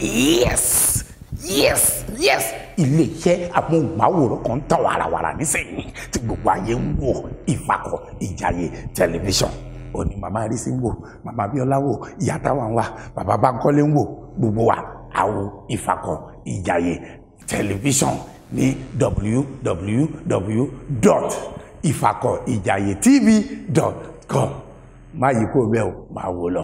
yes yes yes iléeṣẹ́ amóhùnmáwòrán kan ń tàn wàràwàrà nísìnyí tí gbogbo ayé ń wò ìfakọ̀ ìjàyè tẹlifíṣàn òní màmá rísí ń wò màmá bíọ́lá wò ìyá táwa ń wà bàbá bánkọ́lé ń wò gbogbo wa àwo ìfakọ̀ ìjàyè tẹlifíṣàn ní www.ifakoijayetv.com má yí kó bẹ́ẹ̀ o máa wò lọ.